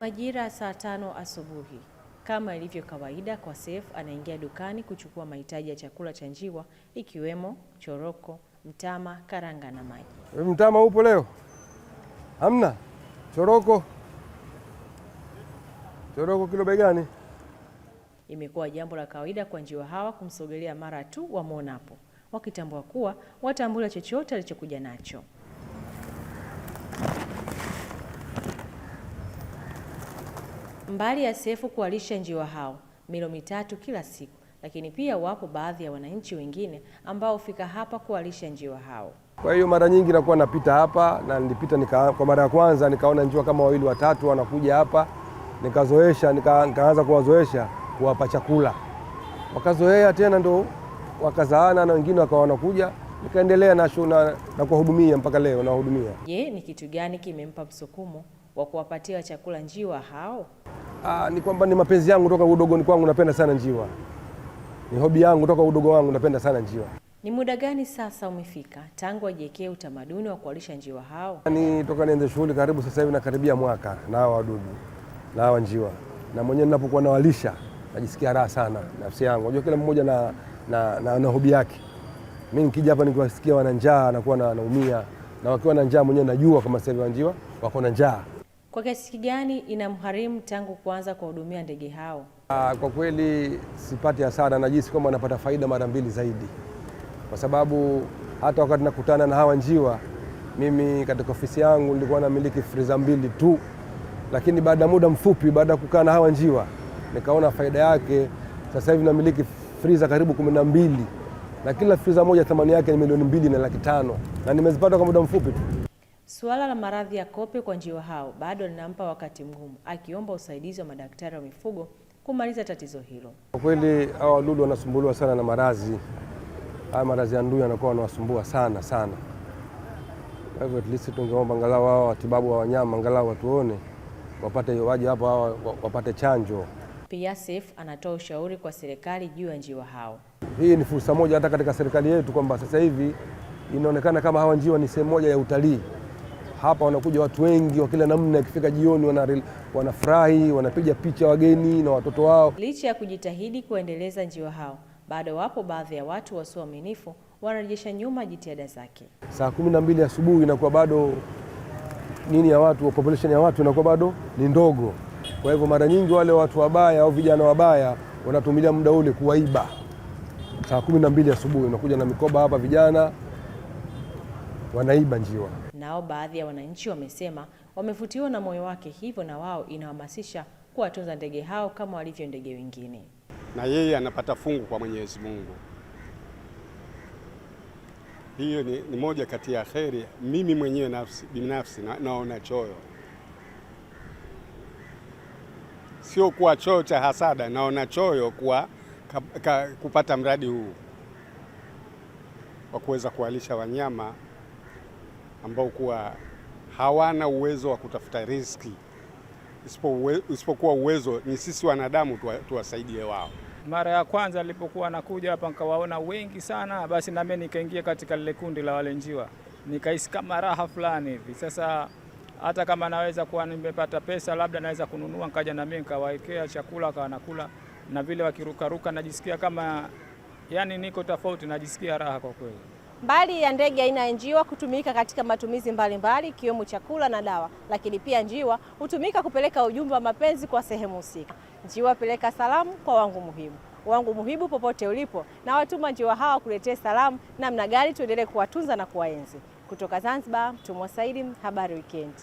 Majira saa tano asubuhi, kama ilivyo kawaida kwa Seif, anaingia dukani kuchukua mahitaji ya chakula cha njiwa ikiwemo choroko, mtama, karanga na maji. Mtama upo leo? Hamna. Choroko, choroko kilo bei gani? Imekuwa jambo la kawaida kwa njiwa hawa kumsogelea mara tu wamwonapo, wakitambua kuwa watambulia chochote alichokuja nacho. mbali ya sefu kuwalisha njiwa hao milo mitatu kila siku, lakini pia wapo baadhi ya wananchi wengine ambao hufika hapa kuwalisha njiwa hao. Kwa hiyo mara nyingi nakuwa napita hapa na nilipita nika, kwa mara ya kwanza nikaona njiwa kama wawili watatu wanakuja hapa, nikazoesha nika, nikaanza kuwazoesha kuwapa chakula, wakazoea tena ndo wakazaana na wengine wakawa wanakuja nikaendelea na, na kuwahudumia mpaka leo nawahudumia. Je, ni kitu gani kimempa msukumo wa kuwapatia chakula njiwa hao? Aa, ah, ni kwamba ni mapenzi yangu toka udogoni kwangu, napenda sana njiwa. Ni hobi yangu toka udogo wangu, napenda sana njiwa. Ni muda gani sasa umefika tangu wajiekee utamaduni wa kualisha njiwa hao? Ni toka nianze shughuli karibu sasa hivi nakaribia mwaka na hawa wadudu na hawa njiwa, na mwenyewe ninapokuwa nawalisha najisikia raha sana nafsi yangu. Unajua kila mmoja na, na, na, na na hobi yake. Mimi nikija hapa nikiwasikia wana njaa nakuwa naumia, na wakiwa na njaa mwenyewe najua kama sasa hivi wanjiwa wako na njaa. Kwa kiasi gani inamharimu tangu kuanza kuwahudumia ndege hao? Aa, ah, kwa kweli sipati hasara, najisi kwamba napata faida mara mbili zaidi, kwa sababu hata wakati nakutana na hawa njiwa, mimi katika ofisi yangu nilikuwa namiliki friza mbili tu, lakini baada ya muda mfupi, baada ya kukaa na hawa njiwa, nikaona faida yake. Sasa hivi namiliki friza karibu kumi na mbili na kila friza moja thamani yake ni milioni mbili na laki tano na nimezipata kwa muda mfupi tu. Suala la maradhi ya kope kwa njiwa hao bado linampa wakati mgumu, akiomba usaidizi wa madaktari wa mifugo kumaliza tatizo hilo. Kwa kweli hawa wadudu wanasumbuliwa sana na maradhi haya, maradhi ya ndui yanakuwa wanawasumbua sana sana. Kwa hivyo at least tungeomba angalau hao watibabu wa wanyama angalau watuone, wapate waje hapo hawa wapate chanjo. Pia Seif anatoa ushauri kwa serikali juu ya njiwa hao. Hii ni fursa moja hata katika serikali yetu kwamba sasa hivi inaonekana kama hawa njiwa ni sehemu moja ya utalii hapa wanakuja watu wengi wa kila namna, ikifika jioni wana, wanafurahi wanapiga picha wageni na watoto wao. Licha ya kujitahidi kuendeleza njiwa hao, bado wapo baadhi ya watu wasioaminifu wanarejesha nyuma jitihada zake. Saa kumi na mbili asubuhi inakuwa bado nini ya watu, population ya watu inakuwa bado ni ndogo. Kwa hivyo mara nyingi wale watu wabaya au vijana wabaya wanatumilia muda ule kuwaiba. Saa kumi na mbili asubuhi unakuja na mikoba hapa vijana wanaiba njiwa. Nao baadhi ya wananchi wamesema wamevutiwa na moyo wake, hivyo na wao inawahamasisha kuwatunza ndege hao kama walivyo ndege wengine. Na yeye anapata fungu kwa Mwenyezi Mungu. Hiyo ni, ni moja kati ya kheri. Mimi mwenyewe nafsi binafsi na, naona choyo sio kuwa choyo cha hasada, naona choyo kuwa ka, ka, kupata mradi huu wa kuweza kuwalisha wanyama ambao kuwa hawana uwezo wa kutafuta riski, isipokuwa uwezo ni sisi wanadamu tuwasaidie wao. Mara ya kwanza nilipokuwa nakuja hapa nikawaona wengi sana, basi nami nikaingia katika lile kundi la wale njiwa, nikahisi kama raha fulani hivi. Sasa hata kama naweza kuwa nimepata pesa, labda naweza kununua, nikaja nami nikawaekea chakula, kawa nakula na vile wakirukaruka, najisikia kama yani niko tofauti, najisikia raha kwa kweli. Mbali ya ndege aina ya njiwa kutumika katika matumizi mbalimbali ikiwemo mbali, chakula na dawa, lakini pia njiwa hutumika kupeleka ujumbe wa mapenzi kwa sehemu husika. Njiwa peleka salamu kwa wangu muhimu wangu muhimu popote ulipo, na watuma njiwa hawa kuletee salamu namna gani tuendelee kuwatunza na kuwaenzi. Kutoka Zanzibar, Mtumwa Saidi, habari wikendi.